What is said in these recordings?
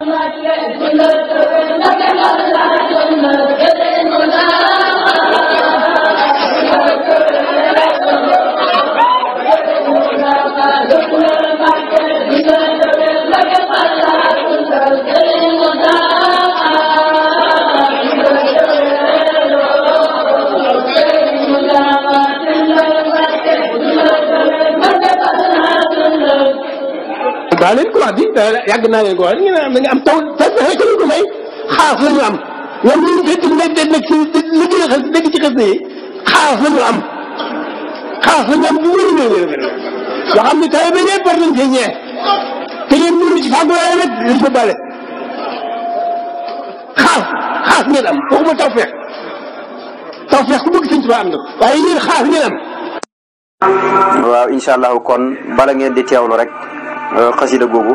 Allah'a emanet olun. te yàgg naa leen ko wax ñu am nga am taw taw a am xaas la a wér yoo xam ne taw bi ngeen taw xaas ngeen am. waaw incha kon bala ngeen di teewlu rek euh, xasida googu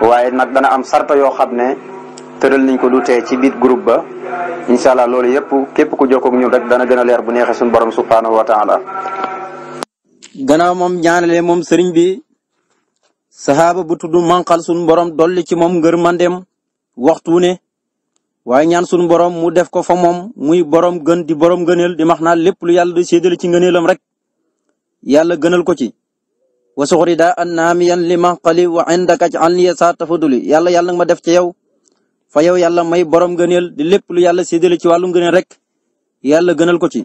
waaye nag dana am sarta yoo xam ne tëral nañ ko du tee ci biir groupe ba incha allah loolu yëpp képp ku jokkoog ñun rek dana gën a leer bu neexee suñu borom subhaanahu wa taala gannaaw moom ñaanale moom sëriñ bi saxaaba bu tudd mankal suñu borom dolli ci moom ngër mandem waxtu ne waaye ñaan suñu borom mu def ko fa moom muy borom gën di borom gëneel di max naa lépp lu yàlla di séddale ci ngëneelam rek yàlla gënal ko ci wa suxri daa an naamiyan li manqali wa indaka ci an liya saa tafaduli yàlla yàlla nga ma def ci yow fa yow yàlla may borom ngëneel di lépp lu yàlla séddale ci wàllu ngëneel rek yàlla gënal ko ci.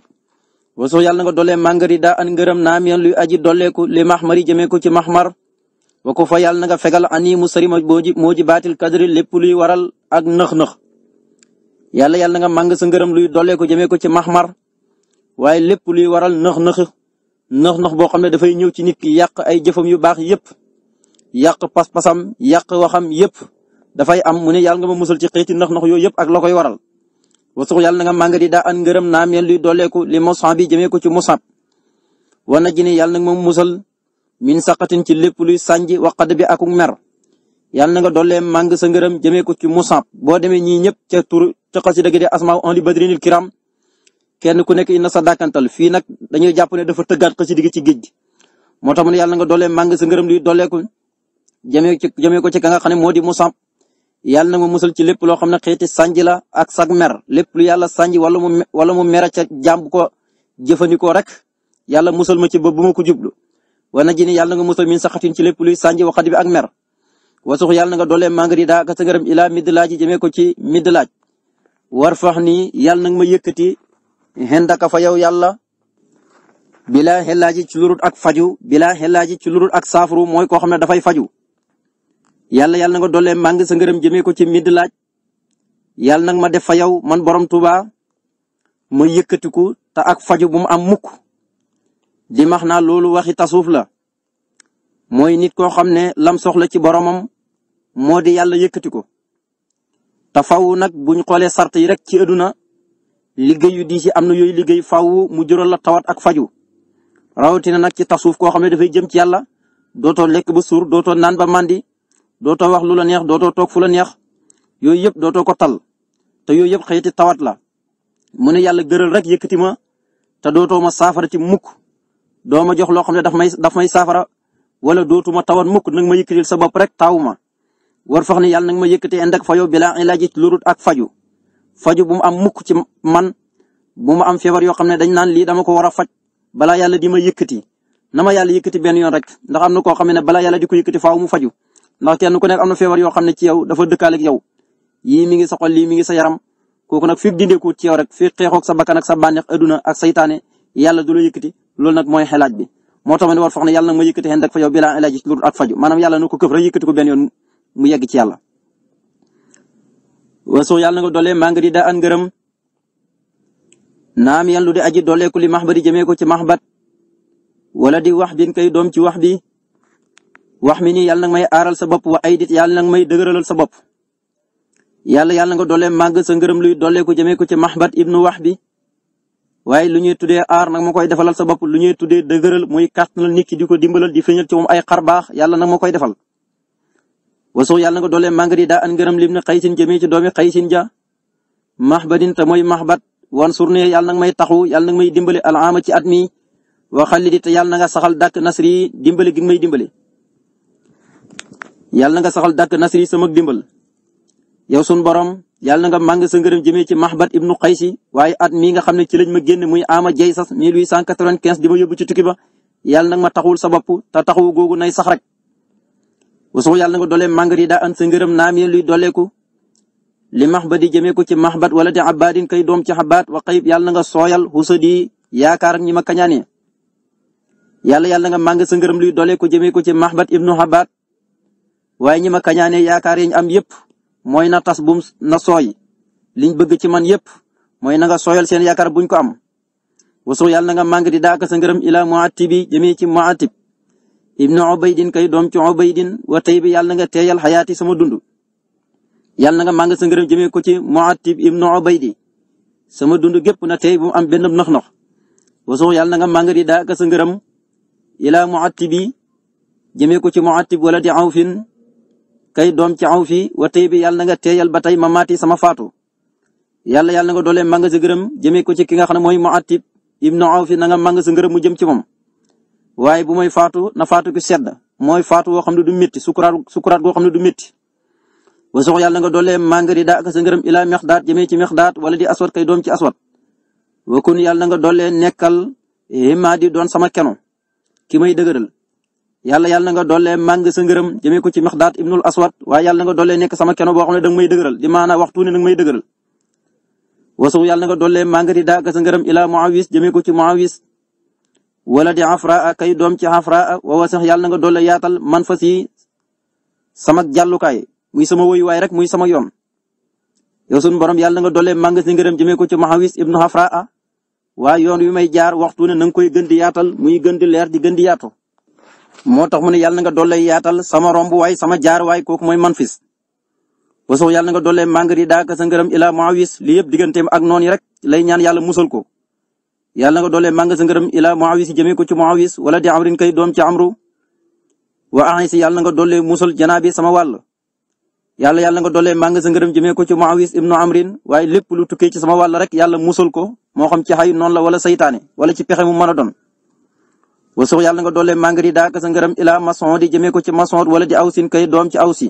wa suux yàlla nga dolee màngari da an ngërëm naamiyan luy aji dolleeku li maxmari jëmee ko ci maxmar wa ko fa yàlla na nga fegal ani mu sëri ma booji moo ji baatil kadri lépp luy waral ak nëx-nëx. yàlla yàlla nga màng sa ngërëm luy dolleeku jëmee ko ci maxmar waaye lépp nox-nox boo xam ne dafay ñëw ci nit ki yàq ay jëfam yu baax yépp yàq pas-pasam yàq waxam yépp dafay am mu ne yàlla nga ma musal ci xeeti nox-nox yooyu yépp ak la koy waral. wasux yàlla na nga mànga di daa an ngërëm naa mel luy dooleeku li mosan bi jëmee ko ci musab wana na ji ne yàlla na nga ma musal min saqatin ci lépp luy sànji waqad bi ak mer yàlla na nga doolee màng sa ngërëm jëmee ko ci musab boo demee ñii ñëpp ca tur ca xasida gi de asmaa on li badrinil kiram kenn ku nekk indi na sa dàkkantal fii nag dañuy jàpp ne dafa tëggaat xasida gi ci géej gi moo tax mu ne yàlla nga doole màng sa ngërëm li ci jëmee ko ci ka nga xam ne moo di Musab yàlla na ma musal ci lépp loo xam ne xeeti sànji la ak sag mer lépp lu yàlla sànji wala mu wala mu mer ca jàmb ko jëfandikoo rek yàlla musal ma ci ba bu ma ko jublu wana ji ni yàlla nga musal min saxatin ci lépp luy sànji waxat bi ak mer wasux yàlla nga doole màng di daa ka sa ngërëm ilaa midd laaj jëmee ko ci midd laaj war fax nii yàlla na xendaka fa yaw yàlla bilaa xellaaji ci lurut ak faju bilaa xellaaji ci lurut ak saafru mooy koo xam ne dafay faju yàlla yàlla na nga doole màng sa ngërëm jëmee ko ci mid laaj yàlla nag ma def fa yow man borom Tuuba ma yëkkatiku te ak faju bu mu am mukk di max naa loolu waxi tasuuf la mooy nit koo xam ne lam soxla ci boromam moo di yàlla yëkkati ko faw nag buñ xoolee sart yi rek ci àdduna liggéey yu diis yi am na yooyu liggéey faaw mu jural la tawat ak faju rawatina nag ci tasuuf koo xam ne dafay jëm ci yàlla dootoo lekk ba suur dootoo naan ba màndi dootoo wax lu la neex dootoo toog fu la neex yooyu yëpp dootoo ko tal te yooyu yëpp xëyati tawat la mu ne yàlla gëral rek yëkkati ma te dootoo ma saafara ci mukk doo ma jox loo xam ne daf may daf may saafara wala dootuma tawat mukk nag ma yëkkatil sa bopp rek taawu ma war fax ne yàlla nag ma yëkkati ànd ak fajoo bilaa ilaaji lurut ak faju faju bu bu ma am feebar yoo xam ne da naan lii dama ko war a faj balaa yàlla di ma yëkkati na ma yàlla yëkkati benn yoon rek ndax am na koo xam ne balaa yàlla di ko yëkkati faaw mu faju ndax kenn ku nekk am na feebar yoo xam ne ci yow dafa dëkkaale ak yow yii mi ngi sa xol lii mi ngi sa yaram kooku nag fi dindeeku ci yow rek fi xeexoog sa bakkan ak sa bànneex adduna ak saytaane yàlla du la yëkkati loolu nag mooy xelaaj bi moo tax ma ne war foog na yàlla nag ma yëkkati xen rek fa yow bilaa ko mu yegg ci yàlla wasu yàlla nga doole naam yàllu di aji dooleeku li maxbat di jëmee ko ci maxbat wala di wax bin kay doom ci wax bi wax mi ni yàlla nag may aaral sa bopp wa ay dit yàlla nag may dëgëralal sa bopp yàlla yàlla nga doole màgg sa ngërëm luy dooleeku jëmee ko ci maxbat ibnu wax bi lu ñuy tuddee aar nag ma koy defalal sa bopp lu ñuy tuddee dëgëral muy kàttanal nit di ko dimbalal di feeñal ci moom ay xar baax yàlla nag ma koy defal wasu yàlla nga doole màgg di daa an ngërëm li na xaysin jëmee ci doomi xaysin ja maxbadin te mooy maxbat wan surne yàlla nag may taxu yàlla nag may dimbali alaama ci at mi waxal li te yàlla na nga saxal dàkk nasri dimbali gi may dimbali. yàlla na nga saxal dàkk nasri sama dimbal yow sun borom yàlla na nga màng sa ngërëm jëmee ci Mahbat ibnu Qaysi waaye at mii nga xam ne ci lañ ma génn muy ama jey sas 1895 di ma yóbbu ci tukki ba yàlla nag ma taxul sa bopp te taxawu googu nay sax rek. wasu yàlla na nga doole màng ri daa an sa ngërëm naam luy dooleeku. li di jëmee ko ci maxbat wala di abbaadin kay doom ci xabaat wa xayib yàlla nga sooyal xusadi yaakaar ak ñi ma kañaanee yàlla nga màng sa ngërëm luy dolee ko jëmee ko ci maxbat ibnu xabaat waaye ñi ma kañaanee yaakaar yi am yépp mooy na tas bum na sooy liñ bëgg ci man yépp mooy na nga sooyal seen yaakaar buñ ko am wasu yàlla na nga màng di daaka sa ngërëm ila muatibi jëmee ci muatib ibnu ubaydin kay doom ci ubaydin wa tey bi yàlla na nga teeyal xayaati sama dund yàlla na nga màng sa ngërëm jëmee ko ci Muattib bay Ubaydi sama dund gépp na tey bu am benn nox-nox wasoo yàlla na nga màng di daaka sa ngërëm ilaa Muattibi jëmee ko ci Muattib wala di Awfin kay doom ci aw Awfi wa tey bi yàlla na nga teeyal ba tey ma maati sama faatu yàlla yàlla nga doolee màng sa ngërëm jëmee ko ci ki nga xam ne mooy Muattib ibnu Awfi na nga màng sa ngërëm mu jëm ci moom waaye bu may faatu na faatu ki sedd mooy faatu woo xam ne du métti sukuraat sukuraat goo xam ne du métti wasox yàlla nga doole mangari daa ak sa ngërëm ilaa mexdaat jëmee ci mexdaat wala di aswat kay doom ci aswat wakun yàlla nga doole nekkal ma di doon sama keno ki may dëgëral yàlla yàlla nga doole màng sa ngërëm jëmee ko ci mexdaat ibnul aswat waaye yàlla nga doole nekk sama keno boo xam ne danga may dëgëral di maanaa waxtu ne danga may dëgëral wasox yàlla nga doole mangari daa ak sa ngërëm ilaa muawis jëmee ko ci muawis wala di afraa kay doom ci afraa wa wasax yàlla nga doole yaatal man fa si sama jàllukaay muy sama woyuwaay rek muy sama yoon. yow sunu borom yàlla nga doole màngas ni ngërëm jëmee ko ci Mahawis ibnu Hafraa ah. waa yoon wi may jaar waxtu ne na nga koy gën di yaatal muy gën leer di gën di yaatu. moo tax mu ne yàlla na nga doole yaatal sama romb waay sama jaar waay kooku mooy Manfis. wasaw yàlla na nga doole màngar yi daaka sa ngërëm ilaa Muawis lii yëpp digganteem ak noon yi rek lay ñaan yàlla musal ko. yàlla nga doole màngar sa ngërëm ilaa Muawis jëmee ko ci Muawis wala di amrin kay doom ci amru. wa ahis yàlla na nga doole musal janaabi sama wàll. yàlla yàlla nga dolee maa nga sa ngërëm ko ci Muawis ibnu Amrin waaye lépp lu tukkee ci sama wàll rek musal ko moo xam ci xayu noonu la wala saytaane wala ci pexe mu mën a doon wasux yàlla nga dolee maa nga di daaka sa di jëmee ko ci maçon wala di awsin kay doom ci awsi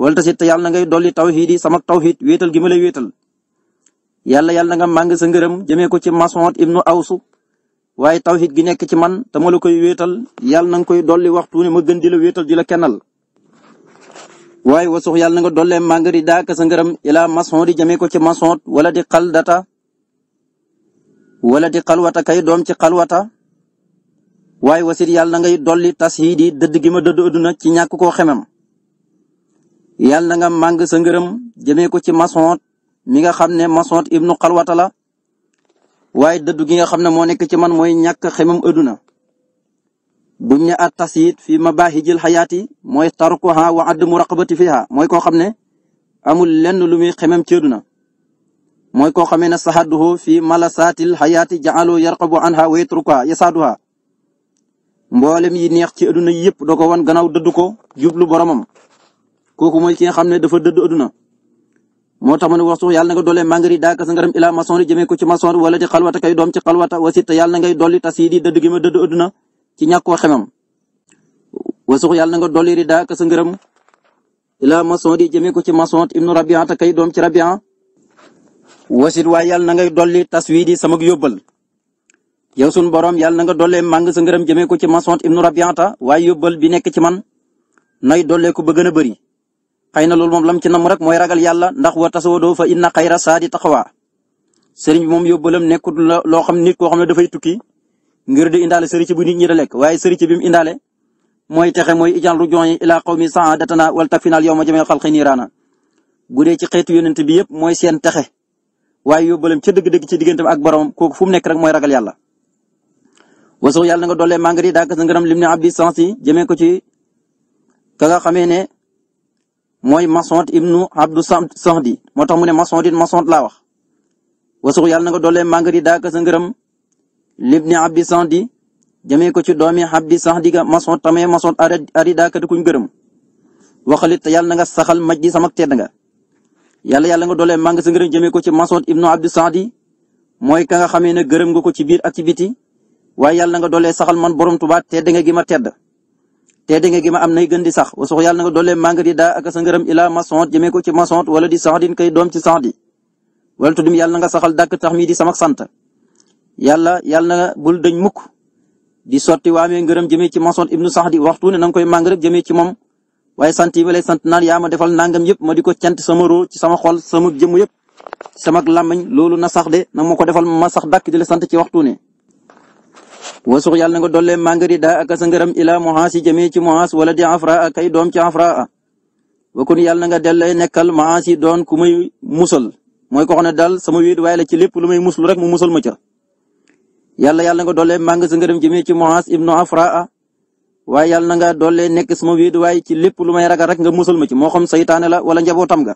wala tasit yàlla na ngay dolli tawxiid yi sama tawxiid wéetal gi ma lay wéetal yàlla yàlla nga màng sa ngërëm jëmee ko ci Mas'ud ibnu Awsu waaye tawxiid gi nekk ci man te la koy weetal yàlla na nga koy dolli waxtu ne ma gën di la wéetal di la kennal waaye wasux yàlla na nga dollee màng di daaka sa ngërëm ilaa maçon di jëmee ko ci maçon wala di xal data wala di xalwata kay doom ci xalwata waaye wasit yàlla ngay dolli tas yi di dëdd gi ma dëdd adduna ci ñàkk koo xemem yàlla na nga màng sa ngërëm jëmee ko ci maçon mi nga xam ne maçon ibnu xalwata la waaye dëdd gi nga xam ne moo nekk ci man mooy ñàkk xemem adduna buñ ne at tasyid fi mabahijil xayaati mooy tarkuha wa admu raqabati fiha mooy koo xam ne amul lenn lu muy xemem ci mooy koo xam ne saxaduhu fi malasaatil xayaati ja'alu yarqabu anha wa yatrukuha yasaaduha mboolem yi neex ci àddina yëpp doo ko wan gannaaw dëdd ko jublu boromam kooku mooy ki nga xam ne dafa dëdd àddina moo tax ne waxtu yàlla na nga doole mangari daaka sa ngaram ilaa maçon jëmee ko ci maçon wala di xalwata kay doom ci xalwata wasita yàlla na ngay dolli tas yi di dëdd gi ci ñàkkoo xemam wasux yàlla na nga dolli ridaa sa ngërëm ilaa maçon di jëmee ko ci maçon ibnu rabian te kay doom ci rabian wasit waaye yàlla na ngay dolli wii di sama yóbbal yaw sun borom yàlla na nga dollee màng sa ngërëm jëmee ko ci maçon ibnu rabian ta waaye yóbbal bi nekk ci man nay dollee ko ba gën a bëri xëy na loolu moom lam ci nam rek mooy ragal yàlla ndax wa tasawodoo fa inna xayra saadi taxawaa sëriñ bi moom yóbbalam nekkul loo xam nit koo xam ne dafay tukki ngir di indaale sëric bi nit ñi da lekk waaye sëric bi mu indaale mooy texe mooy ijal rujoon ila qawmi saadatana wal takfinal yawma jami'a xalqi niiraana bu dee ci xeetu yonent bi yëpp mooy seen texe waaye yóbbalam ca dëgg-dëgg ci digganteem ak borom kooku fu mu nekk rek mooy ragal yàlla wasu yàlla na nga dollee màngar yi daa sa ngërëm lim ne abdi sens yi ko ci ka nga xamee ne mooy masont ibnu abdu sahdi moo tax mu ne masont it laa wax wasu yàlla na nga dollee màngar yi daa sa ngërëm libni abdi sandi jëmee ko ci doomi abdi sandi ga maçon tamee maçon aridaaka di kuñ gërëm waxalit te yàlla na nga saxal majdi sama tedd nga yàlla yàlla nga doole màng sa ngërëm jëmee ko ci maçon ibnu abdi sandi mooy ka nga xamee ne gërëm nga ko ci biir ak ci biti waaye yàlla nga doole saxal man borom Tuubaa tedd nga gi ma tedd tedd nga gi ma am nay gën di sax wasux yàlla na nga doole màng di daa ak sa ngërëm ila maçon jëmee ko ci masont wala di sandin kay doom ci sandi wala tuddum yàlla na nga saxal dàkk tax mi di sama sant yàlla yàlla bul dañ mukk di sotti waamee ngërëm jëmee ci maçon ibnu saxdi waxtu ne na nga koy màng rek jëmee ci moom waaye sant yi ma lay sant naan yaa ma defal nangam yëpp ma di ko cant sama roo sama xol sama jëmm yépp sama làmmiñ loolu na sax de na ma ko defal ma sax dàkk di la sant ci waxtu ne wasux yàlla na nga dollee màngari daa ak sa ngërëm ila mohaas yi jëmee ci mohaas wala di afra kay ay doom ci afra wakun yàlla na nga dellee nekkal mohaas yi ku may musal mooy ko ne daal sama wéet la ci lépp lu may muslu rek mu musal ma ca yàlla yàlla nga doole màng sa ngërëm jëmee ci Muaz ibnu Afraa waaye yàlla na nga doole nekk sama wéet waaye ci lépp lu may ragal rek nga musal ma ci moo xam saytaane la wala njabootam nga.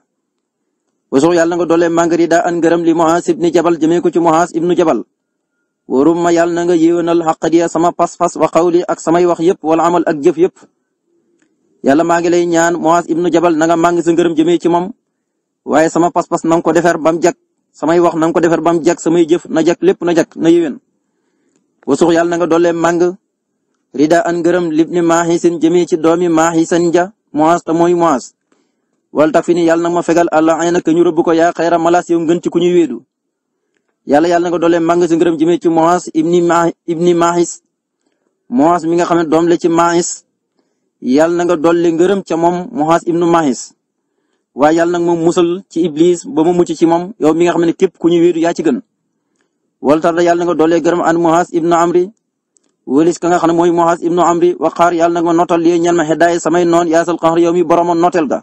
wasoo yàlla nga doole màng ri daa an ngërëm li Muaz ibnu Jabal jëmee ko ci Muaz ibnu Jabal. warum ma yàlla na nga yéwénal xaqadiya sama pas-pas wa xawli ak samay wax yëpp wala amal ak jëf yëpp. yàlla maa ngi lay ñaan Muaz ibnu Jabal na nga màng sa ngërëm jëmee ci moom waaye sama pas-pas na nga ko defar ba mu jag samay wax na ko defar ba mu jag samay jëf na jag lépp na jag na yéwén wasux yàlla na nga dolle màng rida an gërëm lib ni maaxisin jëmee ci doomi maaxisan ja moas te mooy moas wal tax fi ni yàlla na ma fegal àlla ay na ñu rëbb ko yaa xayra malas yow ngën ci ku ñuy wéedu yàlla yàlla na nga dolle màng si ngërëm jëmee ci moas ibni ma ibni maaxis moas mi nga xam ne doom la ci maaxis yàlla na nga dolle ngërëm ca moom moas ibnu maaxis waaye yàlla nag ma musal ci iblis ba ma mucc ci moom yow mi nga xam ne képp ku ñuy wéedu yaa ci gën wala tarda yàlla na nga doolee gërëm an muhaas ibnu amri wëlis ka nga xam ne mooy muhaas ibnu amri waqaar yàlla na nga notal lii ñal ma xeddaay samay noon yaasal xaxar yow mi boroma notel ga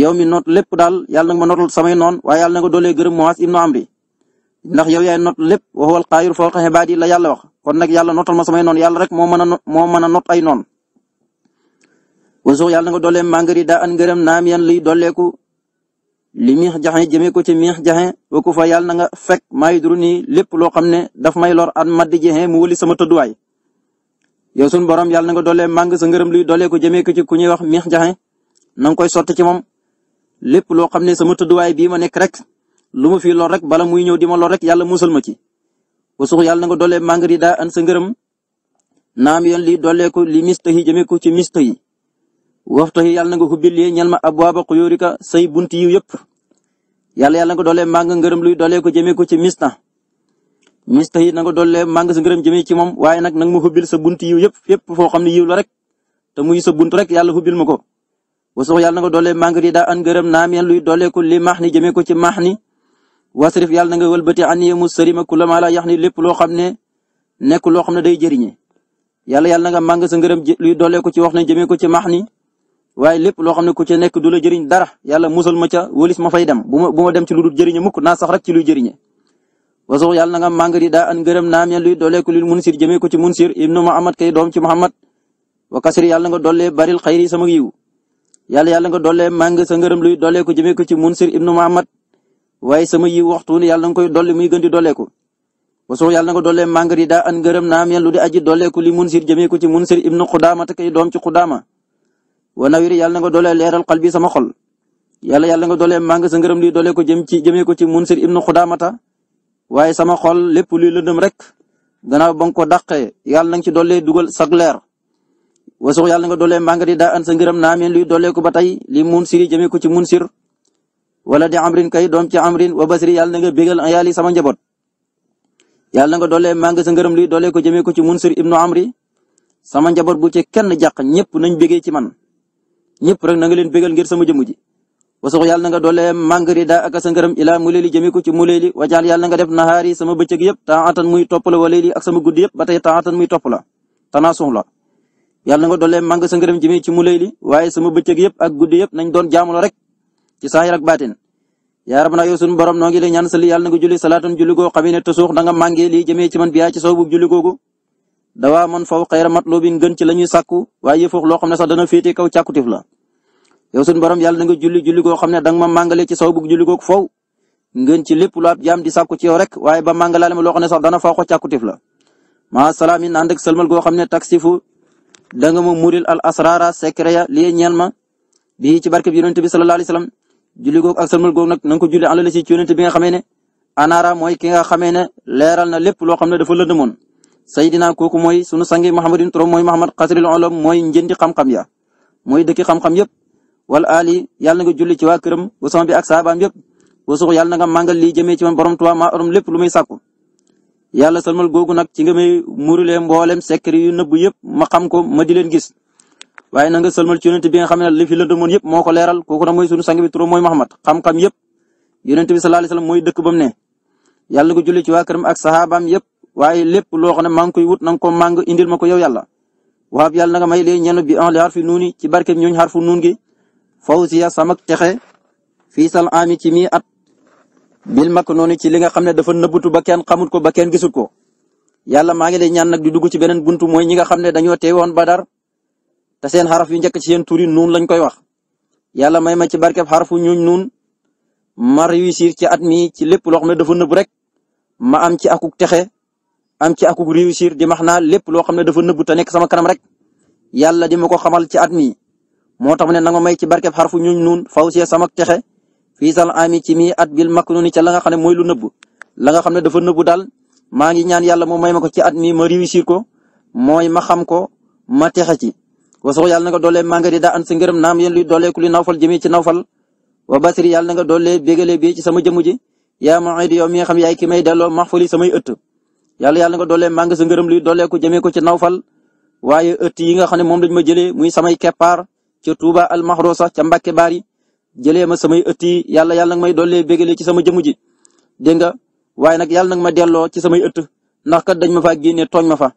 yow mi not lépp daal yàlla na nga ma notal samay noon waaye yàlla na nga doolee gërëm muhaas ibnu amri ndax yow yaay not lépp wa huwal qaahiru fawqa ibaadihi la yàlla wax kon nag yàlla notal ma samay noon yalla rek mo mën moo mën a not ay noon wasu yàlla na nga doolee màngari daa an ngërëm naam li miix jaxe jëmee ko ci miix jaxe wa ku fa yàlla na nga fekk may duru ni lépp loo xam ne daf may lor at madd jexe mu wëli sama tëdduwaay yow sunu borom yàlla na nga doole màng sa ngërëm luy doole ko jëmee ko ci ku ñuy wax miix jaxe na nga koy sotti ci moom lépp loo xam ne sama tëdduwaay bii ma nekk rek lu ma fii lor rek bala muy ñëw di ma lor rek yàlla musal ma ci wasux yàlla na nga doole màng ri daa an sa ngërëm naam yoon li doole ko li mistahi jëmee ko ci mistahi waxtu yi yàlla na nga ko billee ñal ma abwaaba xuyóorika say bunt yi yëpp yàlla yàlla na nga ko doolee màng ngërëm luy doolee ko jëmee ko ci mista mista yi na nga doolee màng sa ngërëm jëmee ci moom waaye nag nag ma hubbil sa bunt yiw yëpp yëpp foo xam ne la rek te bunt rek yàlla hubbil ma ko wasux yàlla na nga doolee màng ri daa an ngërëm naameen luy doolee ko li maax ko ci maax ni wasrif yàlla na nga wëlbati an yemu sërima ku la maa la yax ni lépp loo xam ne nekk loo xam ne day jëriñe yàlla yàlla na nga màng sa ngërëm luy doolee ko ci wax ne jëmee ko ci max ni waaye lépp loo xam ne ku ca nekk du la jëriñ dara yàlla musal ma ca wëlis ma fay dem bu ma bu dem ci lu dul jëriñe mukk naa sax rek ci luy jëriñe wasux yàlla na nga màng di daa an ngërëm naam ya luy dooleeku lil munsir jëmee ko ci munsir ibnu muhammad kay doom ci muhammad wa kasri yàlla nga dollee baril xayri sama yiw yàlla yàlla nga dollee màng sa ngërëm luy dooleeku jëmee ko ci munsir ibnu muhammad waaye sama yiw waxtu ne yàlla nga koy dolli muy gën di dooleeku wasux yàlla nga dollee màng di daa an ngërëm naam ya lu di aji dooleeku li munsir jëmee ko ci munsir ibnu xudaama te kay doom ci xudaama wa nawir yàlla na nga doole leeral xal bi sama xol yàlla yàlla nga doole maa sa ngërëm li doole ko jëm ci jëmee ko ci Munsir ibnu Xudaamata waaye sama xol lépp luy lëndëm rek gannaaw ba ko dàqee yàlla na ci doole dugal sag leer wasux yàlla nga doole maa nga daa an sa ngërëm naameen luy doole ko ba tey li Munsir yi jëmee ko ci Munsir wala di amrin kay doom ci amrin wa basri yàlla na nga bégal ayaali sama njaboot yàlla na nga doole maa sa ngërëm li doole ko jëmee ko ci Munsir ibnu Amri sama njaboot bu ci kenn jàq ñëpp nañ bégee ci man ñëpp rek na nga leen bégal ngir sama jëmm ji wasux yàlla na nga doole mangri da ak sa ngërëm ilaa muleeli ci muleeli wajaal yàlla na nga def nahaari sama bëccëg yëpp taatan muy topp la waleeli ak muy topp la tanaasun la yàlla na nga doole mang sa ngërëm ci muleeli waaye sama bëccëg yëpp ak guddi yëpp nañ doon jaamu la rek ci saahir ak baatin yaa rabana borom noo ngi sali yàlla na nga julli salaatan julli goo xam ne tasuux ci man biyaa ci dawaa man faw mat matlubin gën ci la ñuy sàkku waaye yëfoox loo xam ne sax dana féete kaw càkkutif la yow suñu borom yàlla na nga julli julli koo xam ne danga ma màngale ci saw bug julli googu faw ngën ci lépp lu ab jaam di sàkku ci yow rek waaye ba màngalaale ma loo xam ne sax dana faw ko càkkutif la ma salaamin ànd ak sëlmal goo xam ne taksifu danga mu muril al asrara secret ya lii ñeel ma ci barke bi yonente bi sallallahu alayhi wasallam julli googu ak sëlmal googu na nga ko julli ala la ci yonente bi nga xamee ne anaara mooy ki nga xamee ne leeral na lépp loo xam ne dafa lëndëmoon Seydina kooku mooy sunu sangi Muhammadin turam mooy Muhammad xasril olam mooy njëndi xam-xam ya mooy dëkki xam-xam yëpp wal ali yàlla na nga julli ci waa këram wa sama bi ak saabaam yëpp wasux yàlla na nga li lii jëmee ci man borom tuwa maa orom lépp lu may sàkku yàlla salmal googu nag ci nga may murulee mboolem secret yu nëbb yëpp ma xam ko ma di leen gis waaye na nga salmal ci yonent bi nga xam ne li fi lëndëmoon yëpp moo ko leeral kooku nag mooy sunu sang bi turam mooy Muhammad xam-xam yëpp ba mu ne yàlla na ci waa këram ak saabaam yëpp waaye lépp loo xam ne maa ngi koy wut na nga ko màng indil ma ko yow yàlla waab yàlla may lee ñenn bi en li xarfi nuuni ci barkeem ñooñ xarfu nuun gi fawziya samak texe fii sal ami ci mii at bil mak noonu ci li nga xam ne dafa nëbbutu ba kenn xamut ko ba kenn gisut ko yàlla maa ngi lay ñaan nag di dugg ci beneen buntu mooy ñi nga xam ne dañoo ba badar ta seen xaraf yu njëkk ci seen tur yi nuun lañ koy wax yàlla may ma ci barke barkeeb xarfu ñuñ nuun ma réussir ci at mi ci lépp loo xam ne dafa nëbb rek ma am ci akuk texe am ci akuk réussir di max naa lépp loo xam ne dafa nëbbu te nekk sama kanam rek yàlla di ma ko xamal ci at mi moo tax ne na nga may ci barkeb xarfu ñuñ nuun faw see sama texe fii sal ami ci mii at bil mak ca la nga xam ne mooy lu nëbbu la nga xam ne dafa nëbbu dal maa ngi ñaan yàlla moom may ma ko ci at mi ma réussir ko mooy ma xam ko ma texe ci wasax yàlla na nga doolee maa nga di daa an sa ngërëm naam yéen luy dooleeku li nawfal jëmee ci nawfal wa basri yàlla na nga doolee bégalee bii ci sama jëmm ji ma di yow mi yaay ki may delloo max fali samay ëtt yàlla yàlla nga doolee maa sa ngërëm li doolee ko jëmee ko ci nawfal waaye ëtt yi nga xam ne moom lañ ma jëlee muy samay keppaar ca Touba al Mahro sax ca Mbàkke Baari jëlee ma samay ëtt yi yàlla yàlla nga may doolee bégale ci sama jëmu ji dégg nga waaye nag yàlla nag ma delloo ci samay ëtt ndax kat dañ ma fa génnee tooñ ma fa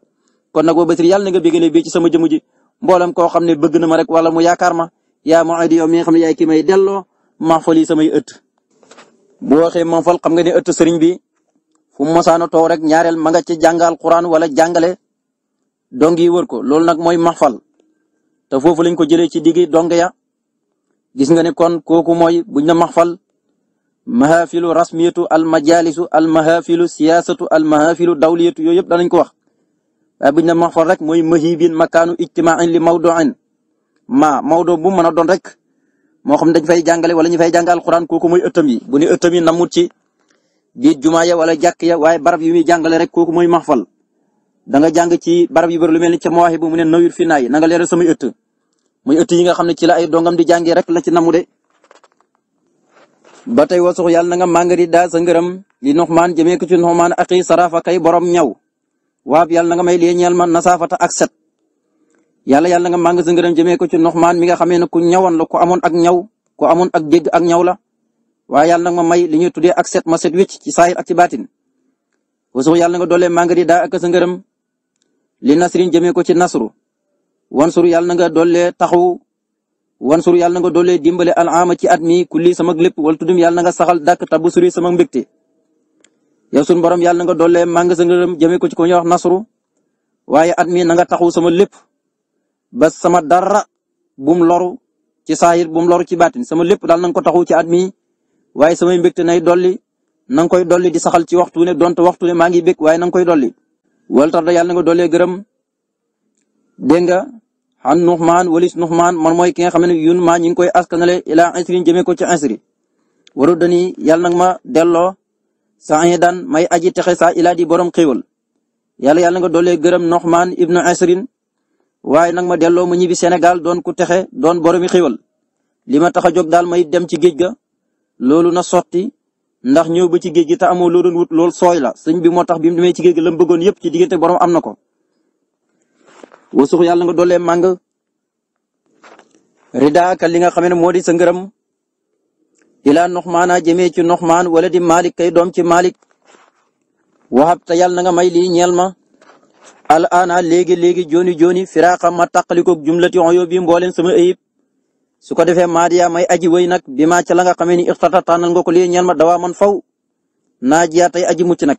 kon nag boo basir yàlla na nga bégalee bii ci sama jëmu ji mboolem koo xam ne bëgg na ma rek wala mu yaakaar ma yaa ma adi yow mi nga xam ne yaay ki may delloo ma fali samay ëtt bu waxee ma xam nga ne ëtt sëriñ bi fu mu mosaano toog rek ñaareel ma nga ci jàng alquran wala jàngale dong yi wër ko loolu nag mooy maxfal te foofu lañ ko jëlee ci diggi dong ya gis nga ne kon kooku mooy buñ la maxfal mahafilu rasmiyatu al majalisu al mahafilu siyasatu al mahafilu dawliyatu yooyu yëpp danañ ko wax waaye buñ la rek mooy mahibin makaanu ijtimaain li mawdoin ma mawdo bu mën a doon rek moo xam dañ fay jàngale wala ñu fay jàngal alquran kooku mooy ëttam yi bu namut ci biir juma ya wala jàkk ya waaye barab yu muy jàngale rek kooku mooy maxfal da nga jàng ci barab yu bëri lu mel ni ca mawaahibu mu ne nawir fi naay na nga leeral samay ëtt muy ëtt yi nga xam ne ci la ay dongam di jàngee rek la ci namu de ba tey wasux yàlla na nga màngari daa sa ngërëm li noxmaan jëmee ko ci noxmaan aqi sarafa kay borom ñaw waab yàlla na nga may lee ñeel ma nasaafata ak set yàlla yàlla na nga màng sa ngërëm jëmee ko ci noxmaan mi nga xamee ne ku ñawoon la ko amoon ak ñaw ko amoon ak dégg ak ñaw la waaye yàlla nag ma may li ñuy tuddee ak set ma set wécc ci saahir ak ci baatin wasux yàlla nga doole maa ngari daa ak sa ngërëm li nasrin jëmee ko ci nasru wansur yàlla nga doole wan wansur yàlla nga doole dimbale al'aama ci at mi kulli sama lépp wala tuddum yàlla nga saxal ta tabu suri sama mbégte. yow sunu borom yàlla nga doole maa nga sa ngërëm jëmee ko ci ko ñuy wax nasru waaye at mi na nga sama lépp ba sama dara bum loru ci saahir bum loru ci baatin sama lépp daal na ko taxawu ci at mi waaye samay mbégte nay dolli na nga koy dolli di saxal ci waxtu ne donte waxtu ne maa ngi bég waaye na nga koy dolli. wal da yàlla na nga dollee gërëm dégg nga xan nuxmaan walis nuxmaan man mooy ki nga xam ne yun maa ñi ngi koy askanale ilaa insri jëmee ko ci insri waru dani yàlla nag ma delloo saa yi daan may aji texe sa ilaa di borom xéwal yàlla yàlla nga dollee gërëm Noxmaan ibnu Asrin waaye nag ma delloo ma ñibbi senegal doon ku texe doon boromi xéwal li ma tax a jóg daal may dem ci géej ga loolu na sotti ndax ñëw ba ci géej gi te amoo loo doon wut lool sooy la sëñ bi moo tax bi mu demee ci géej la mu bëggoon yëpp ci diggante borom am na ko. wasux yàlla nga doolee màng ridaaka li nga xam ne moo di sa ngërëm ilaa noxmaana jëmee ci noxmaan wala di malik kay doom ci malik waxab te yàlla na nga may lii ñeel ma al ana léegi léegi joni joni firaaxa ma taqalikoog jumlati on yóbbi mbooleen sama ayib su ko defee maadiya may aji wéy nag bi maa ca la nga xamee ni ixtata tànnal nga ko lii ñeel ma dawaa man faw naajiya tey aji mucc nag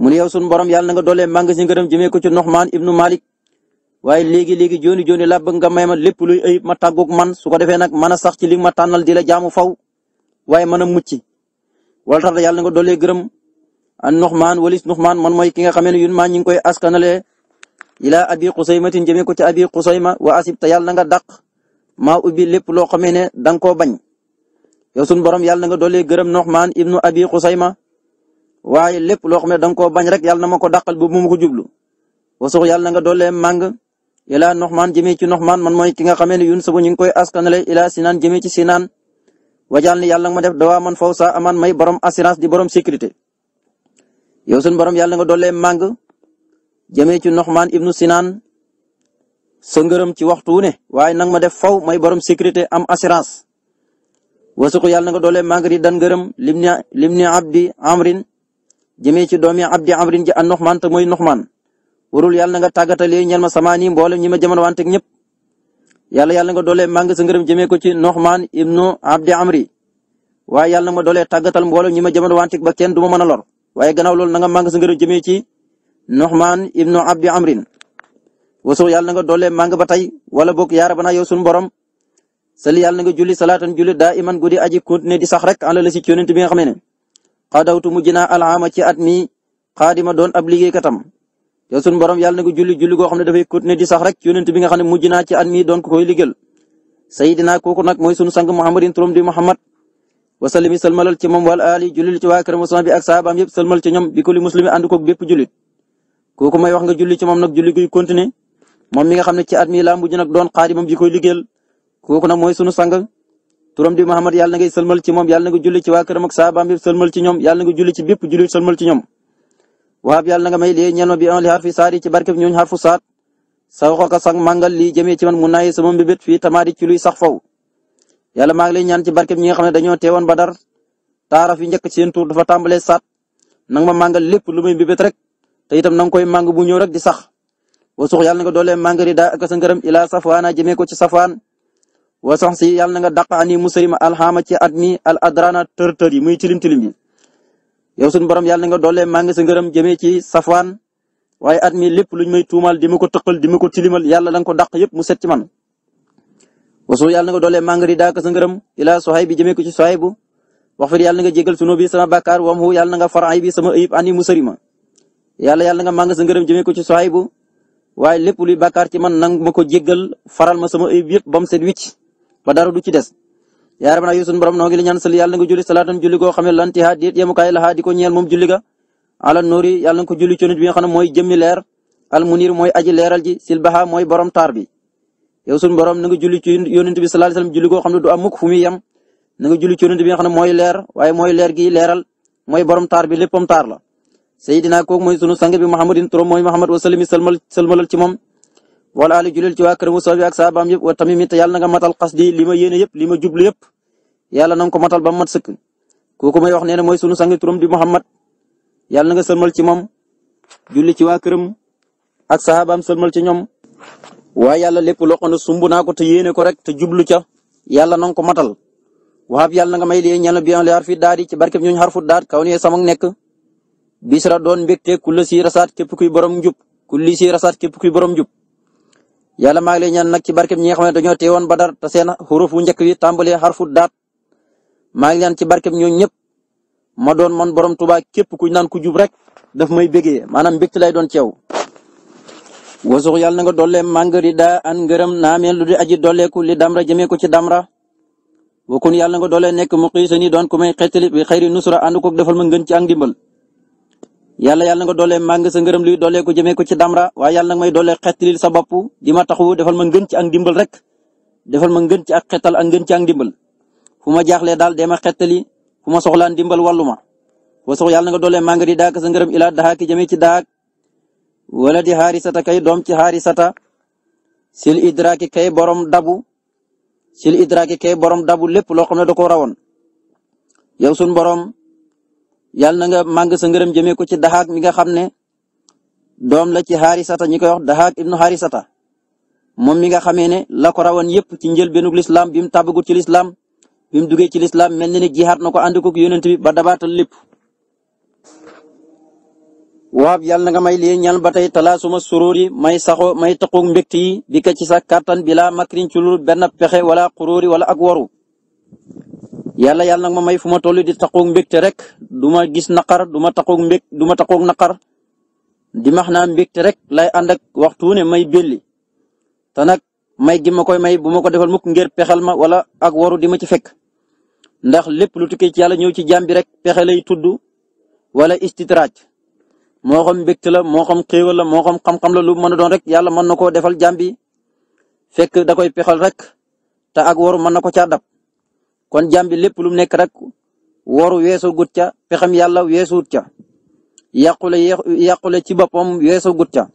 mun ne yow sunu borom yàlla na nga doolee màng si ngërëm jëmee ko ci Nuxmaan ibnu Malik waaye léegi léegi jooni jooni laa bëgg nga may ma lépp luy ayib ma tàggoog man su ko defee nag mën a sax ci li ma tànnal di la jaamu faw waaye mën a mucc wala tax yàlla nga doolee gërëm an Nuxmaan walis Nuxmaan man mooy ki nga xamee ne yun maa ñi ngi koy askanalee ila abi xusaymatin jëmee ko ci abi xusayma wa asib te yàlla na nga dàq maa ubbi lépp loo xamee ne da koo bañ yow sunu borom yàlla na nga doolee gërëm Nuxmaan ibnu Abi Xusayma waaye lépp loo xam ne da koo bañ rek yàlla na ma ko dàqal bu mu ko jublu wasux yàlla na nga doolee màng ilaa Nuxmaan jëmee ci Nuxmaan man mooy ki nga xamee ne yun sabu ñu ngi koy askanale ilaa Sinaan jëmee ci Sinaan wajaal ni yàlla ma def dawaa man faw saa amaan may borom assurance di borom sécurité yow borom yàlla nga doolee màng jëmee ci Nuxmaan ibnu Sinaan sa ngërëm ci waxtu wu ne waaye nag ma def faw may borom sécurité am assurance. wasuqu yàlla na nga doole maa ngi dan ngërëm lim ne lim ne abdi amrin jëmee ci doomi abdi amrin ji an noxmaan te mooy noxmaan warul yàlla na nga tàggatalee ñel ma samaani mboolem ñi ma jamono wanteeg ñëpp. yàlla yàlla nga doole màng sa ngërëm jëmee ko ci Noxmaan ibnu Abdi Amri waaye yàlla nga ma doole tàggatal mbooloo ñi ma jamono wantik ba kenn du ma mën a lor waaye gannaaw loolu na nga màng sa ngërëm jëmee ci Noxmaan ibnu Abdi Amrin wasoo yàlla na nga doole màng ba tey wala boog yaa rabbana yow sunu borom sali yàlla na julli salaatan julli daa iman guddi aji continué di sax rek ala la si ci yonent bi nga xam ne xaadawtu mujj naa alxama ci at mi doon ab liggéeykatam yow sunu borom yàlla na nga julli julli goo xam ne dafay continué di sax rek ci yonent bi nga xam naa ci at mi doon sayidina kooku nag mooy sunu sang muhammadin turam di muhammad wasalimi salmalal ci moom wal ali jullil ci waa këram sama bi ak li muslimi ànd julli ci moom nag julli moom mi nga xam ne ci at mi laa mujj nag doon xaadimam ji koy liggéeyal kooku nag mooy sunu sang turam di Muhammad yàlla na sëlmal ci moom yàlla na julli ci waa këram ak saabaam bi sëlmal ci ñoom yàlla na julli ci bépp julli sëlmal ci ñoom waab yàlla na may lii ñeel ma bi an li xarfi saari ci barkeb ñooñ xarfu saat sa waxoo ko sang màngal lii jëmee ci man mu naay sama mbébét fii tamaadi ci luy sax faw yàlla maa ngi lay ñaan ci barkeb ñi nga xam ne dañoo teewoon Badar ma màngal lépp lu may mbébét rek te itam nanga koy màng wasux yàlla na nga doolee mangari daa ak sa ngërëm ilaa safwaana jëmee ko ci safwaan wasox si yàlla na nga dàq ani musarima alxaama ci at mi al adrana tër tër yi muy tilim tilim yi yow suñu borom yàlla na nga doolee mangi sa ngërëm jëmee ci safwaan waaye at mi lépp luñ may tuumaal di ma ko tëqal di ma ko tilimal yàlla na nga ko dàq yëpp mu set ci man wasux yàlla na nga doolee mangari daa ak sa ngërëm ilaa soxay bi jëmee ko ci soxay bu wax fi yàlla na nga jégal sunu bi sama bàkkaar wam hu yàlla na nga faraay bi sama ayib ani musarima yàlla yàlla nga màng sa ngërëm jëmee ko ci soxay waaye lépp luy bàkkaar ci man nang ma ko jéggal faral ma sama ayib yëpp ba mu set wicc ba dara du ci des yaa rabana yow sunu borom noo ngi la ñaan sal yàlla nga julli salaatan julli goo xam ne lantiha déet yemukaay laxaa di ko ñeel moom julli ga ala julli ci bi nga xam ne mooy jëmmi leer al munir mooy aji leeral ji silbaha mooy borom taar bi yow sunu borom na nga julli ci yonent bi sallallahu alayhi wasallam julli xam ne du am mukk fu muy yem na julli ci yonent xam ne mooy leer waaye mooy leer gi leeral mooy borom taar bi léppom taar la Seydina kooku mooy sunu sang bi Muhammadin turam mooy Muhammad wa sallim salmal salmalal ci moom wala ali julil ci waa këramu soobi ak saabaam yëpp wa tamimit yàlla na matal xasdi li ma yéene yëpp ma jublu yëpp yàlla na nga ko matal ba mat sëkk kooku may wax nee na mooy sunu sang turam di Muhammad yàlla na nga salmal ci moom julli ci waa këram ak saabaam salmal ci ñoom waaye yàlla lépp loo xam ne sumb naa ko te yéene ko rek te jublu ca yàlla na ko matal waab yàlla na nga may lee ñal bi en leer fi daal di ci barkeb ñooñu xarfu daal kaw ne sama bisra doon mbégte ku la si rasaat képp kuy borom njub ku li si rasaat képp kuy borom njub maa ngi lay ñaan nag ci barke ñi nga xam ne dañoo teewoon badar te seen xuruf wu njëkk wi tàmbalee xarfu daat maa ngi ñaan ci barke ñoo ñëpp ma doon man borom Tuubaa képp ku naan ku jub rek daf may bégee maanaam mbégte lay doon ceew wasux yàlla na nga dolle màngari daa an ngërëm naameen lu di aji dolleeku li damra jëmee ko ci damra wakun yàlla nga dolle nekk mu xiisa ni doon ku may xettali bi xëyri nusra ànd koog defal ma ngën ci ak yàlla yàlla nga doole màng sa ngërëm luy doole ko jëmee ko ci damra waaye yàlla nag may doole xettalil sa bopp di ma taxu defal ma ngën ci ak ndimbal rek defal ma ngën ci ak xettal ak ngën ci ak ndimbal fu ma jaaxlee daal dee ma xettali fu ma soxlaan ndimbal wàllu ma wasax yàlla nga doole màng di daak sa ngërëm ilaa daxaaki jëmee ci daak wala di xaarisata kay doom ci xaarisata sil idraaki kay borom dabu sil idraaki kay borom dabu lépp loo xam ne da koo rawoon sun borom yàlla na nga màgg sa ngërëm jëmee ko ci daxaak mi nga xam ne doom la ci xaarisata ñi koy wax daxaak ibnu xaarisata moom mi nga xamee ne la ko rawan yëpp ci njëlbéenu lislaam bi mu tàbbagut ci lislaam bi mu duggee ci lislaam mel na ni jihaat na ko ànd ko yonent bi ba dabaatal lépp. waab yàlla na nga may lii ñaan ba tey talaasuma suruur yi may saxo may taxu mbégte yi bi ka ci sax kàttan bi laa makrin ci lu benn pexe wala xuruuri wala ak waru. yàlla yàlla nag ma may fu ma toll di taqoog mbégte rek du ma gis naqar du ma taqoog mbég du ma taqoog naqar di max naa mbégte rek lay ànd ak waxtu ne may belli te nag may gi ma koy may bu ma ko defal mukk ngir pexel ma wala ak waru di ma ci fekk ndax lépp lu tukkee ci yàlla ñëw ci jàmm bi rek pexe lay tudd wala istitraaj moo xam mbégte la moo xam xéewal la moo xam xam la lu mën a doon rek yàlla mën na koo defal jàmm bi fekk da koy pexel rek te ak waru mën na ko caa dab kon jàmm lépp lu mu nekk rek woru weesoo gut ca pexem yàlla weesoo gut ca yàqule yàqule ci boppam weesoo gut ca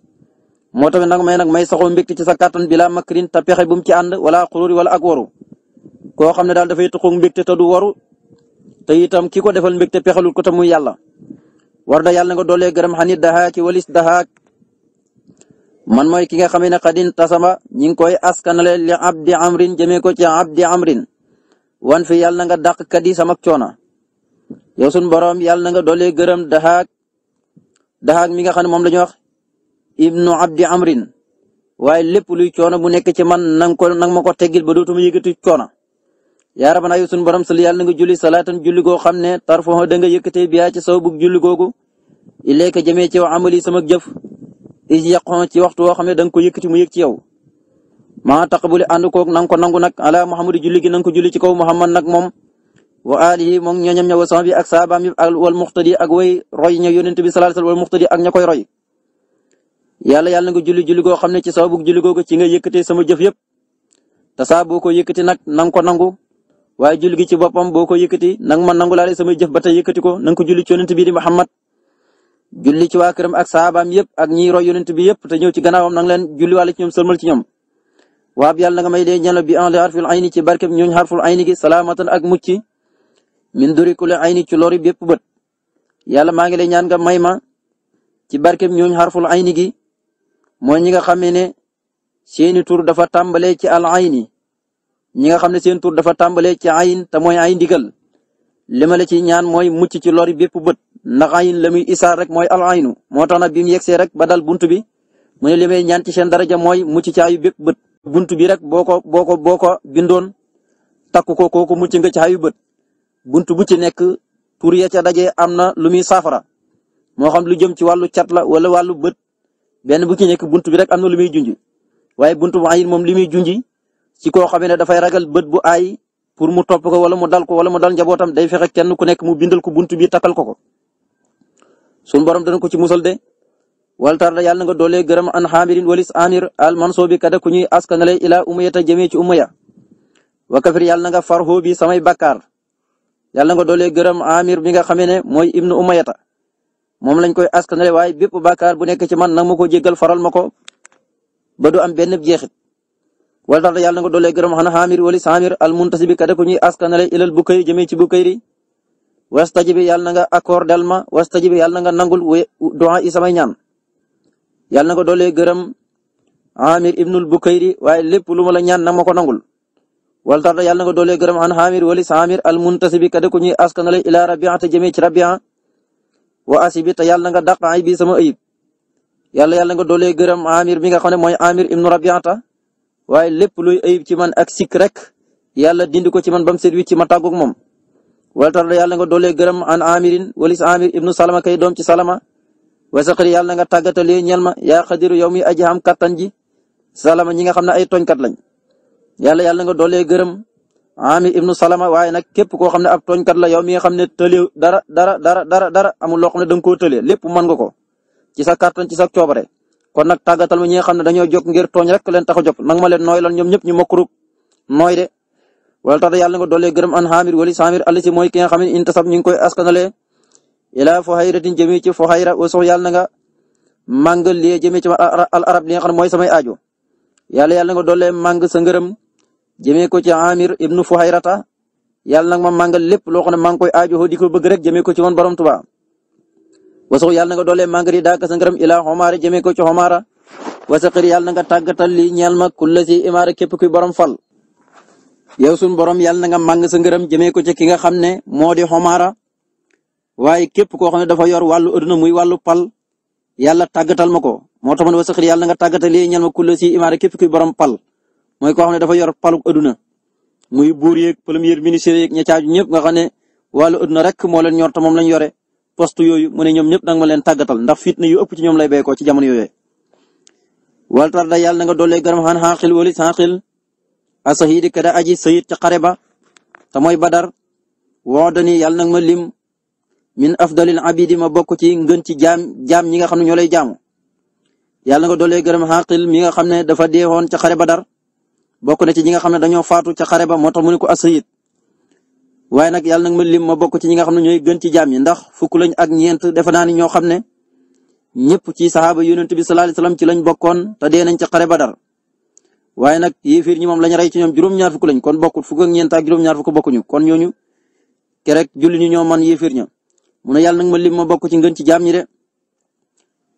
moo ta nag may nag may saxoo mbégte ci sa kàttan bi laa makrin te pexe bu ci ànd wala xuruuri wala ak waru koo xam ne daal dafay tuxu mbégte te du waru te itam ki ko defal mbégte pexelul ko te muy yàlla war da yàlla nga doolee gërëm xanit daxaa ki walis daxaa man mooy ki nga xam ne xadin tasama ñi ngi koy askanale li abdi amrin jëmee ko ci abdi amrin wan fi yàlla na nga dàq kat yi sama coono yow sunu borom yàlla na nga doolee gërëm daxaak daxaak mi nga xam ne moom la ñu wax ibnu abdi amrin waaye lépp luy coono bu nekk ci man nang ko nang ma teggil ba dootuma yëkkati coono yaa rabana yow sunu borom sali yàlla na nga julli salaatan julli goo xam ne tarfoo da nga yëkkatee biyaa ci saw bu julli googu ilayka jëmee ci amali sama jëf is yaqon ci waxtu woo xam ne da nga ko yëkkati mu yëg ci yow maa taqabuli ànd koog na nga ko nangu nag ala Muhammadu julli gi na nga ko julli ci kaw Muhammad nag moom wa alihi moom ñooñam ña wa sama bi ak saabaam yi ak wal muxtadi ak way roy ña yonent bi sallallahu alayhi wasallam wal muxtadi ak ña koy roy yàlla yàlla nga julli julli goo xam ne ci sababu julli googu ci nga yëkkatee sama jëf yëpp te saa boo ko yëkkati nag na ko nangu waaye julli gi ci boppam boo ko yëkkati na nga ma nangu laale jëf ba tey yëkkati ko na ko julli ci yonent bi di Muhammad julli ci waa këram ak saabaam yëpp ak ñiy roy yonent bi yëpp te ñëw ci gannaawam na leen julli wàll ci ci ñoom waab yàlla na nga may dee ñala bi en harful ayni ci barkeb ñooñ harful ayni gi salaamatan ak mucc min duri ay ayni ci lori bépp bët yàlla maa ngi lay ñaan nga may ma ci barkeb ñooñ harful ayni gi mooy ñi nga xam ne seeni tur dafa tàmbalee ci al ayni ñi nga xam ne seen tur dafa tàmbalee ci ayin te mooy ay ndigal li ma la ci ñaan mooy mucc ci lori bépp bët ndax ayin la lami isaar rek mooy al aynu moo tax nag bi mu yegsee rek ba dal bunt bi mu ne li may ñaan ci seen daraja mooy mucc ci ayu bépp bët bunt bi rek boo ko boo ko boo ko bindoon takk ko kooku mucc nga ci xayu bët buntu bu ci nekk tur ya ca daje am na lu muy saafara moo xam lu jëm ci wàllu cat la wala wàllu bët benn bu ci nekk bunt bi rek am na lu muy junj waaye buntu bu ayin moom li muy junj ci koo xamee ne dafay ragal bët bu ay pour mu topp ko wala mu dal ko wala mu dal njabootam day fexe kenn ku nekk mu bindal ko bunt bi takkal ko ko. sunu borom dana ko ci musal de waltar la yàlla nga doolee gërëm an xaamirin walis amir al mansubi kada ku ñuy askanale ila umayata jëmee ci umaya wa kafir yàlla nga farxu bi samay bakkaar yàlla nga doolee gërëm amir bi nga xamee ne mooy ibnu umayata moom lañ koy askanale waaye bépp bakkaar bu nekk ci man nag ma ko jéggal faral ma ko ba du am benn jeexit waltar la yàlla nga doolee gërëm xana xaamir walis amir al muntasibi kada ku ñuy askanale ilal bukayri jëmee ci bukayri wastajibi yàlla nga accordel ma wastajibi yàlla nga nangul du'a ñaan yàlla na ko doolee gërëm amir ibnul bukayri waaye lépp lu ma la ñaan na ma ko nangul wala tax yàlla na ko doolee gërëm an amir walis amir al muntasibi kada ku ñuy askanale ila rabia te jëmee ci rabia wa asibi te yàlla na nga dàq ay bi sama ayib yàlla yàlla nga doolee gërëm amir mi nga xam ne mooy amir ibnu rabiata waaye lépp luy ayib ci man ak sik rek yàlla dindi ko ci man bam mu ci ma tàggoog moom wala tax yàlla nga doolee gërëm an amirin walis amir ibnu salama kay doom salama wasaqri yàlla na nga tàggatalee ñeel ma yaa yow mi am kattan ji salama ñi nga xam ne ay tooñkat lañ yàlla yàlla nga doolee gërëm ami ibnu salama waaye nag képp koo xam ne ab tooñkat la yow mi nga xam ne tëlew dara dara dara dara dara amul loo xam ne da nga koo tëlee lépp mën nga ko ci sa kattan ci sa coobare kon nag tàggatal ma ñi xam ne dañoo jóg ngir tooñ rek leen tax a jóg nag ma leen nooy lan ñoom ñëpp ñu mokkurub nooy de wala tax yàlla nga doolee gërëm an xaamir wali saamir alisi mooy ki nga xam ne intasab ñu ngi koy ilaa fuhayratin jëmee ci fuhayra wa sox yàlla nga màngal li jëmee ci al arab li nga mooy samay ajo yàlla yàlla na nga doole màng sa ngërëm jëmee ko ci amir ibnu fuhayrata yàlla nag ma màngal lépp loo xam ne maa koy aajo di ko bëgg rek jëmee ko ci woon borom Tuubaa sox yàlla na nga doole màngal yi daaka sa ngërëm ilaa xomaara jëmee ko ci xomaara wasaqir yàlla na nga tàggatal li ñeel ma kulla si imaara képp borom fal yow sun borom yàlla na nga màng sa ngërëm jëmee ko ci ki nga xam ne moo di xomaara waaye képp koo xam ne dafa yor wàllu adduna muy wàllu pal yàlla tàggatal ma ko moo tax man wa saxir yàlla nga tàggatal yee ñal ma kulla si imaara képp kuy borom pal mooy koo xam ne dafa yor paluk adduna muy buur yeeg premier ministre yeeg ña caaju ñëpp nga xam ne wàllu adduna rek moo leen ñor te moom lañ yore post yooyu mu ne ñoom ñëpp nag ma leen tàggatal ndax fitna yu ëpp ci ñoom lay bay ko ci jamono yooyu waltar da yàlla nga dollee garam xan xaqil wali xaqil asahidi kada aji sayid ca xare ba te mooy badar woo dani yàlla nag ma min afdalil abidi ma bokk ci gën ci jaam jaam ñi nga xam ne ñoo lay jaamu yàlla nga doolee gërëm xaqil mi nga xam ne dafa deewoon ca xare ba dar bokk na ci ñi nga xam ne dañoo faatu ca xare ba moo tax mu ne ko asayid waaye nag yàlla nag ma lim ma bokk ci ñi nga xam ne ñooy gën ci jaam yi ndax fukk lañ ak ñeent defe naa ni ñoo xam ne ñëpp ci saxaaba yonent bi sallallahu alayhi wasallam ci lañ bokkoon te dee nañ ca xare ba dar waaye nag yéefir ñi moom lañ rey ci ñoom juróom-ñaar fukk lañ kon bokkul fukk ak ñeent ak juróom-ñaar fukk bokkuñu kon ñooñu kerek julli ñu ñoo man yéefir ña mu ne yàlla nag ma lim bokk ci ngën ci jaam ñi de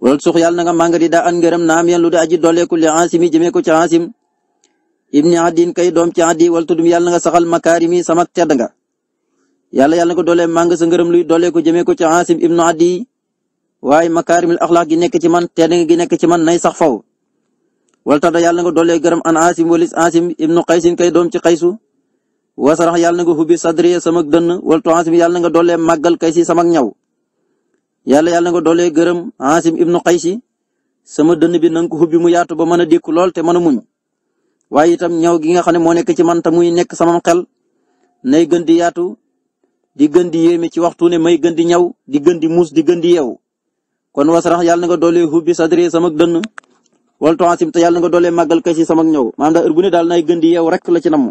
wala suux yàlla na nga màngadi daa an ngërëm naam yan lu di aji dooleeku li ansimi jëmee ko ci ansim ibni adin kay doom ci adi wala tuddum yàlla na nga saxal makaarimi sama tedd nga yàlla yàlla na ko doolee màng sa ngërëm luy ko jëmee ko ci ansim ibnu adi waaye makaarimil axlaaq gi nekk ci man tedd nga gi nekk ci man nay sax faw wala tada yàlla na nga doolee gërëm an ansim walis ansim ibnu xaysin kay doom ci xaysu wasarax yàlla na nga xubbi sadri sama dënn wal tu asim yàlla nga doole màggal kay si sama ñaw yàlla yàlla nga doole gërëm asim ibnu qaysi sama dënn bi na nga ko xubbi mu yaatu ba mën a dékku lool te mën a muñ waaye itam ñaw gi nga xam ne moo nekk ci man te muy nekk sama xel nay gën di yaatu di gën di yéeme ci waxtu ne may gën di ñaw di gën di muus di gën di yeewu kon wasarax yàlla na nga doole xubbi sadri sama dënn wal tu asim te yàlla nga doole màggal kay si sama ñaw maanaam daal heure bu ne daal nay gën di yeewu rek la ci namm